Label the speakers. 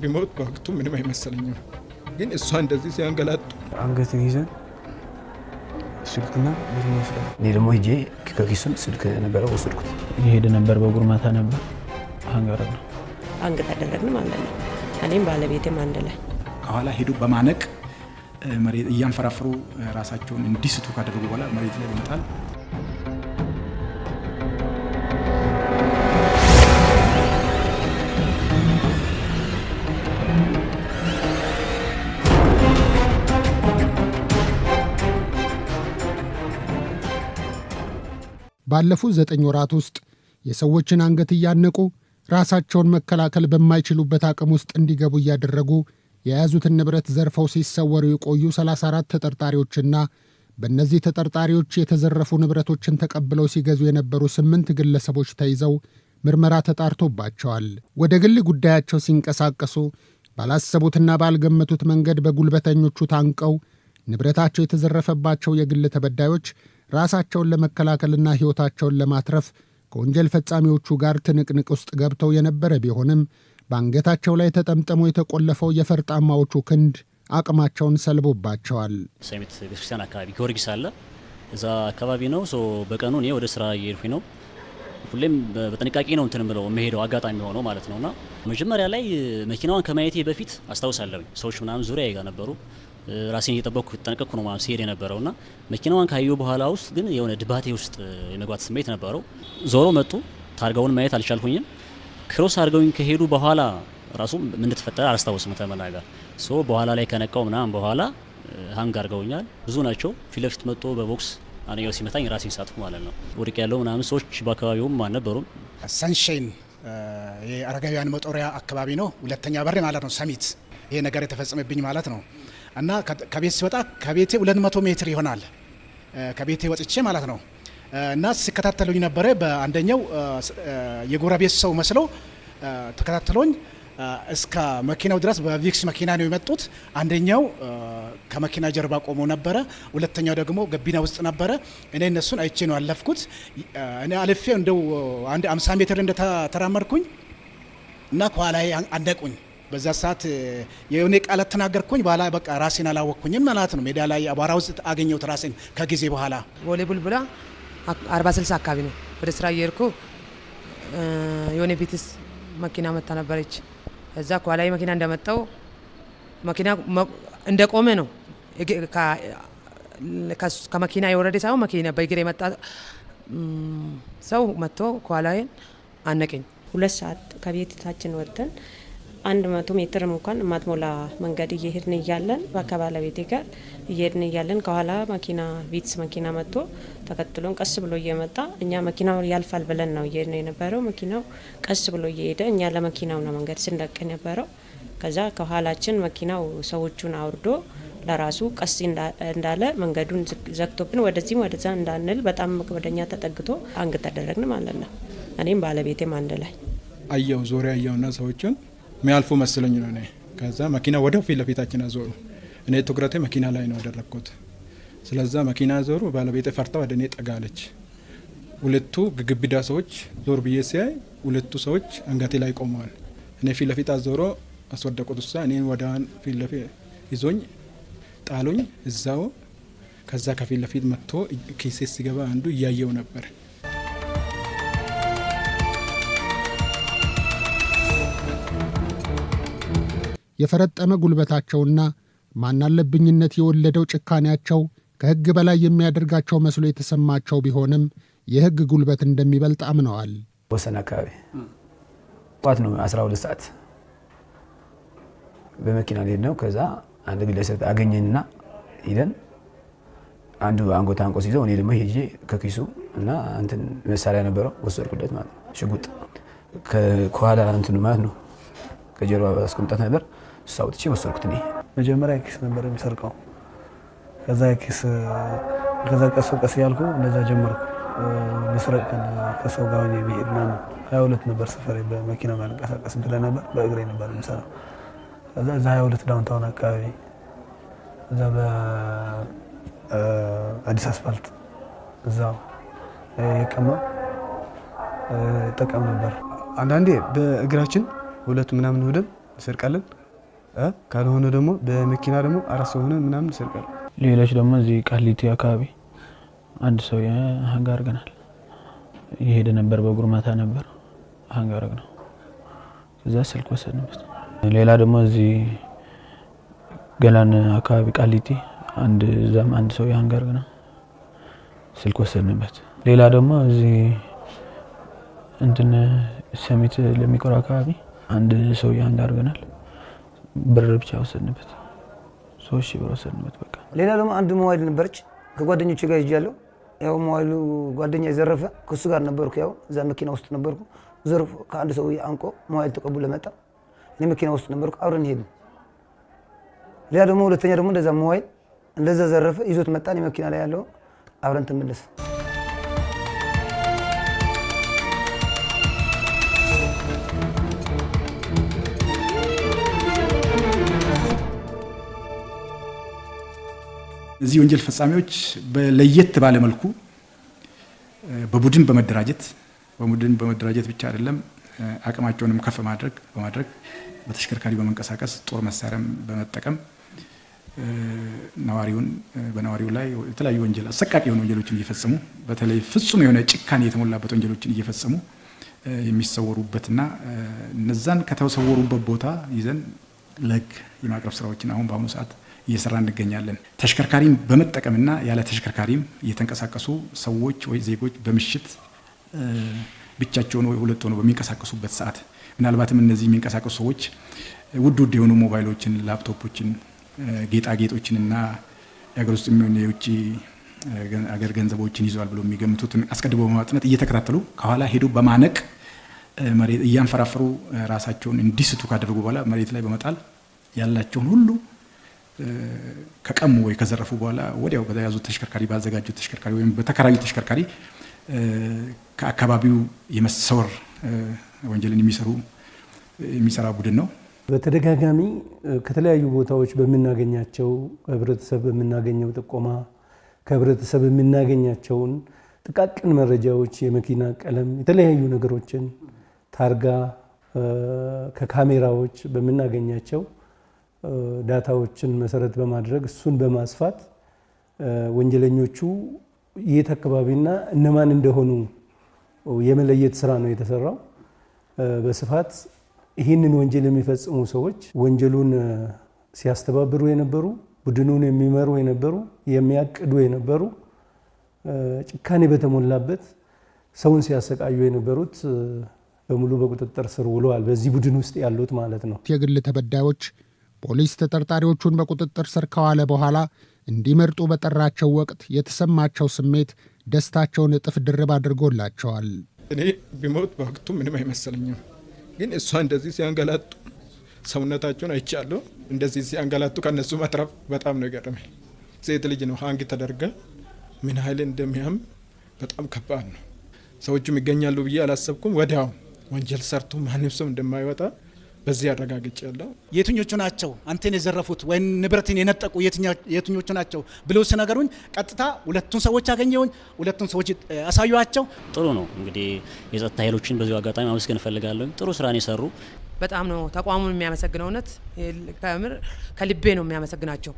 Speaker 1: ቢሞት በወቅቱ ምንም አይመሰለኝም፣ ግን እሷ እንደዚህ ሲያንገላጡ
Speaker 2: አንገትን ይዘን ስልክና ብር ወስዳ
Speaker 3: እኔ ደግሞ ሂጄ ከኪሱን ስልክ ነበረ ወሰድኩት።
Speaker 2: ይሄድ ነበር በጉርማታ ነበር አንገረ ነው
Speaker 4: አንገት አደረግንም አንድ ላይ እኔም ባለቤቴም አንድ ላይ
Speaker 5: ከኋላ ሄዱ በማነቅ እያንፈራፍሩ ራሳቸውን እንዲስቱ ካደረጉ በኋላ መሬት ላይ በመጣል
Speaker 6: ባለፉት ዘጠኝ ወራት ውስጥ የሰዎችን አንገት እያነቁ ራሳቸውን መከላከል በማይችሉበት አቅም ውስጥ እንዲገቡ እያደረጉ የያዙትን ንብረት ዘርፈው ሲሰወሩ የቆዩ 34 ተጠርጣሪዎችና በእነዚህ ተጠርጣሪዎች የተዘረፉ ንብረቶችን ተቀብለው ሲገዙ የነበሩ ስምንት ግለሰቦች ተይዘው ምርመራ ተጣርቶባቸዋል። ወደ ግል ጉዳያቸው ሲንቀሳቀሱ ባላሰቡትና ባልገመቱት መንገድ በጉልበተኞቹ ታንቀው ንብረታቸው የተዘረፈባቸው የግል ተበዳዮች ራሳቸውን ለመከላከልና ሕይወታቸውን ለማትረፍ ከወንጀል ፈጻሚዎቹ ጋር ትንቅንቅ ውስጥ ገብተው የነበረ ቢሆንም በአንገታቸው ላይ ተጠምጥሞ የተቆለፈው የፈርጣማዎቹ ክንድ አቅማቸውን ሰልቦባቸዋል።
Speaker 7: ሰሚት ቤተክርስቲያን አካባቢ ጊዮርጊስ አለ። እዛ አካባቢ ነው። በቀኑ እኔ ወደ ስራ እየሄድኩኝ ነው። ሁሌም በጥንቃቄ ነው እንትን ብለው የመሄደው አጋጣሚ ሆነው ማለት ነውና መጀመሪያ ላይ መኪናዋን ከማየቴ በፊት አስታውሳለሁኝ ሰዎች ምናምን ዙሪያ ጋ ነበሩ ራሴን እየጠበቅኩ ጠንቀቅኩ ነው ማለት ሲሄድ የነበረው እና መኪናዋን ካየሁ በኋላ ውስጥ ግን የሆነ ድባቴ ውስጥ የመግባት ስሜት ነበረው። ዞሮ መጡ። ታርጋውን ማየት አልቻልኩኝም። ክሮስ አድርገውኝ ከሄዱ በኋላ ራሱ ምን እንደተፈጠረ አላስታውስም። ተመናጋር ሶ በኋላ ላይ ከነቃው ምናምን በኋላ ሀንግ አድርገውኛል። ብዙ ናቸው። ፊት ለፊት መጥቶ በቦክስ አንደኛው ሲመታኝ ራሴን ሳትኩ ማለት ነው። ወድቅ ያለው ምናምን ሰዎች በአካባቢውም አልነበሩም።
Speaker 8: ሰንሻይን የአረጋውያን መጦሪያ አካባቢ ነው፣ ሁለተኛ በር ማለት ነው። ሰሚት ይሄ ነገር የተፈጸመብኝ ማለት ነው። እና ከቤት ሲወጣ ከቤቴ 200 ሜትር ይሆናል ከቤቴ ወጥቼ ማለት ነው። እና ሲከታተሉኝ ነበረ። በአንደኛው የጎረቤት ሰው መስሎ ተከታትሎኝ እስከ መኪናው ድረስ በቪክስ መኪና ነው የመጡት። አንደኛው ከመኪና ጀርባ ቆሞ ነበረ፣ ሁለተኛው ደግሞ ገቢና ውስጥ ነበረ። እኔ እነሱን አይቼ ነው ያለፍኩት። እኔ አልፌ እንደው አንድ 50 ሜትር እንደተራመድኩኝ እና ከኋላ አነቁኝ። በዛ ሰዓት የሆነ ቃል ተናገርኩኝ። በኋላ በቃ ራሴን አላወቅኩኝም ማለት ነው። ሜዳ ላይ አቧራ ውስጥ አገኘሁት ራሴን ከጊዜ በኋላ።
Speaker 9: ቦሌ ቡልቡላ አርባ ስልሳ አካባቢ ነው ወደ ስራ እየሄድኩ የሆነ ቤትስ መኪና መታ ነበረች። እዛ ከኋላ መኪና እንደመጣው መኪና እንደ ቆመ ነው ከመኪና የወረደ ሳይሆን መኪና በእግር የመጣ ሰው መጥቶ ከኋላዬን አነቀኝ።
Speaker 10: ሁለት ሰዓት ከቤት ታችን ወጥተን አንድ መቶ ሜትርም እንኳን ማትሞላ መንገድ እየሄድን እያለን ከባለቤቴ ጋር እየሄድን እያለን ከኋላ መኪና ቪትስ መኪና መጥቶ ተከትሎን ቀስ ብሎ እየመጣ እኛ መኪናው ያልፋል ብለን ነው እየሄድን የነበረው። መኪናው ቀስ ብሎ እየሄደ እኛ ለመኪናው ነው መንገድ ስንለቅ የነበረው። ከዛ ከኋላችን መኪናው ሰዎቹን አውርዶ ለራሱ ቀስ እንዳለ መንገዱን ዘግቶብን ወደዚህም ወደዛ እንዳንል በጣም ወደኛ ተጠግቶ አንግ ተደረግን ማለት ነው። እኔም ባለቤቴም አንድ ላይ
Speaker 1: አየው ዙሪያ አየውና ሰዎችን የሚያልፉ መስለኝ ነው እኔ። ከዛ መኪና ወደው ፊት ለፊታችን አዞሩ። እኔ ትኩረቴ መኪና ላይ ነው ያደረግኩት። ስለዛ መኪና ዞሩ። ባለቤት ፈርታ ወደ እኔ ጠጋለች። ሁለቱ ግግቢዳ ሰዎች ዞር ብዬ ሲያይ ሁለቱ ሰዎች አንገቴ ላይ ቆመዋል። እኔ ፊት ለፊት አዞሮ አስወደቁት። እሷ እኔን ወዳን ፊት ለፊት ይዞኝ ጣሉኝ እዛው። ከዛ ከፊት ለፊት መጥቶ ኪሴ ሲገባ አንዱ እያየው ነበር
Speaker 6: የፈረጠመ ጉልበታቸውና ማናለብኝነት የወለደው ጭካኔያቸው ከሕግ በላይ የሚያደርጋቸው መስሎ የተሰማቸው ቢሆንም የሕግ ጉልበት እንደሚበልጥ አምነዋል።
Speaker 2: ወሰን አካባቢ ጠዋት ነው 12 ሰዓት በመኪና ሄድ ነው። ከዛ አንድ ግለሰብ አገኘንና ሂደን አንዱ አንጎት አንቆስ ይዞ እኔ ደግሞ ሄጄ ከኪሱ እና እንትን መሳሪያ ነበረው ወሰድኩለት ማለት ነው። ሽጉጥ ከኋላ እንትኑ ማለት ነው ከጀርባ አስቆምጣት ነበር እሱ አውጥቼ ወሰድኩት። እኔ መጀመሪያ ኪስ ነበር የሚሰርቀው። ከዛ ኪስ ከዛ ቀስ በቀስ እያልኩ እንደዛ ጀመርኩ መስረቅ ከሰው ጋር ሆኜ መሄድ ምናምን። ሀያ ሁለት ነበር ሰፈሬ በመኪና ማንቀሳቀስ ብለህ ነበር። በእግሬ ነበር የምሰራው። ከዛ እዛ ሀያ ሁለት ዳውንታውን አካባቢ እዛ በአዲስ አስፋልት እዛ የቀማ ይጠቀም ነበር።
Speaker 1: አንዳንዴ በእግራችን ሁለት ምናምን ወደብ እንሰርቃለን። ካልሆነ ደግሞ በመኪና ደግሞ አራት ሰው ሆነ ምናምን ይሰርቃል።
Speaker 2: ሌሎች ደግሞ እዚህ ቃሊቲ አካባቢ አንድ ሰው ሀንግ አድርገናል። የሄደ ነበር በጉርማታ ነበር ሀንግ አድርግ ነው። ከዛ ስልክ ወሰድንበት። ሌላ ደግሞ እዚህ ገላን አካባቢ ቃሊቲ አንድ እዛም አንድ ሰው ሀንግ አድርግ ነው ስልክ ወሰድንበት። ሌላ ደግሞ እዚህ እንትን ሰሚት ለሚቆር አካባቢ አንድ ሰው ሀንግ አድርገናል። ብር ብቻ ወሰንበት፣ ሶስት ሺህ ብር ወሰንበት። በቃ
Speaker 11: ሌላ ደግሞ አንድ ሞባይል ነበረች ከጓደኞች ጋር ይዣለሁ። ያው ሞባይሉ ጓደኛ የዘረፈ ከሱ ጋር ነበርኩ። ያው እዛ መኪና ውስጥ ነበርኩ። ዘርፎ ከአንድ ሰው አንቆ ሞባይል ተቀብሎ መጣ። እኔ መኪና ውስጥ ነበርኩ። አብረን ሄድን። ሌላ ደግሞ ሁለተኛ ደግሞ እንደዛ ሞባይል እንደዛ ዘረፈ፣ ይዞት መጣ። መጣን። መኪና ላይ ያለው አብረን ተመለስ
Speaker 5: እዚህ ወንጀል ፈጻሚዎች በለየት ባለ መልኩ በቡድን በመደራጀት በቡድን በመደራጀት ብቻ አይደለም አቅማቸውንም ከፍ ማድረግ በማድረግ በተሽከርካሪ በመንቀሳቀስ ጦር መሳሪያም በመጠቀም ነዋሪውን በነዋሪው ላይ የተለያዩ ወንጀል አሰቃቂ የሆኑ ወንጀሎችን እየፈጸሙ በተለይ ፍጹም የሆነ ጭካኔ የተሞላበት ወንጀሎችን እየፈጸሙ የሚሰወሩበትና እነዛን ከተሰወሩበት ቦታ ይዘን ለሕግ የማቅረብ ስራዎችን አሁን በአሁኑ ሰዓት እየሰራ እንገኛለን። ተሽከርካሪም በመጠቀምና ያለ ተሽከርካሪም የተንቀሳቀሱ ሰዎች ወይ ዜጎች በምሽት ብቻቸውን ወይ ሁለት ሆነው በሚንቀሳቀሱበት ሰዓት ምናልባትም እነዚህ የሚንቀሳቀሱ ሰዎች ውድ ውድ የሆኑ ሞባይሎችን፣ ላፕቶፖችን፣ ጌጣጌጦችን እና የሀገር ውስጥ የሚሆን የውጭ አገር ገንዘቦችን ይዘዋል ብሎ የሚገምቱትን አስቀድሞ በማጥነት እየተከታተሉ ከኋላ ሄዶ በማነቅ መሬት እያንፈራፈሩ ራሳቸውን እንዲስቱ ካደረጉ በኋላ መሬት ላይ በመጣል ያላቸውን ሁሉ ከቀሙ ወይ ከዘረፉ በኋላ ወዲያው በተያዙ ተሽከርካሪ ባዘጋጁት ተሽከርካሪ ወይም በተከራዩ ተሽከርካሪ ከአካባቢው የመሰወር ወንጀልን የሚሰሩ የሚሰራ ቡድን ነው።
Speaker 2: በተደጋጋሚ ከተለያዩ ቦታዎች በምናገኛቸው ከህብረተሰብ በምናገኘው ጥቆማ ከህብረተሰብ የምናገኛቸውን ጥቃቅን መረጃዎች የመኪና ቀለም፣ የተለያዩ ነገሮችን ታርጋ ከካሜራዎች በምናገኛቸው ዳታዎችን መሰረት በማድረግ እሱን በማስፋት ወንጀለኞቹ የት አካባቢና እነማን እንደሆኑ የመለየት ስራ ነው የተሰራው። በስፋት ይህንን ወንጀል የሚፈጽሙ ሰዎች ወንጀሉን ሲያስተባብሩ የነበሩ፣ ቡድኑን የሚመሩ የነበሩ፣ የሚያቅዱ የነበሩ፣ ጭካኔ በተሞላበት ሰውን ሲያሰቃዩ የነበሩት በሙሉ በቁጥጥር ስር ውለዋል። በዚህ ቡድን ውስጥ ያሉት ማለት ነው።
Speaker 6: የግል ተበዳዮች ፖሊስ ተጠርጣሪዎቹን በቁጥጥር ስር ከዋለ በኋላ እንዲመርጡ በጠራቸው ወቅት የተሰማቸው ስሜት ደስታቸውን እጥፍ ድርብ አድርጎላቸዋል።
Speaker 1: እኔ ቢሞት በወቅቱ ምንም አይመስለኝም ግን እሷ እንደዚህ ሲያንገላጡ ሰውነታቸውን አይቻለሁ። እንደዚህ ሲያንገላጡ ከነሱ መትረፍ በጣም ነው የገረመኝ። ሴት ልጅ ነው ሀንግ ተደርጋ ምን ያህል እንደሚያም በጣም ከባድ ነው። ሰዎቹም ይገኛሉ ብዬ አላሰብኩም። ወዲያው ወንጀል ሰርቶ ማንም ሰው እንደማይወጣ በዚህ አረጋግጭ ያለው የትኞቹ ናቸው አንተን የዘረፉት ወይም ንብረትን የነጠቁ የትኞቹ ናቸው ብሎ ሲነገሩኝ ቀጥታ ሁለቱን ሰዎች አገኘውኝ ሁለቱን ሰዎች አሳዩቸው።
Speaker 7: ጥሩ ነው እንግዲህ የጸጥታ ኃይሎችን በዚሁ አጋጣሚ አመስገን እፈልጋለሁ። ጥሩ ስራን የሰሩ
Speaker 12: በጣም ነው ተቋሙን የሚያመሰግነው። እውነት ከምር ከልቤ ነው የሚያመሰግናቸው።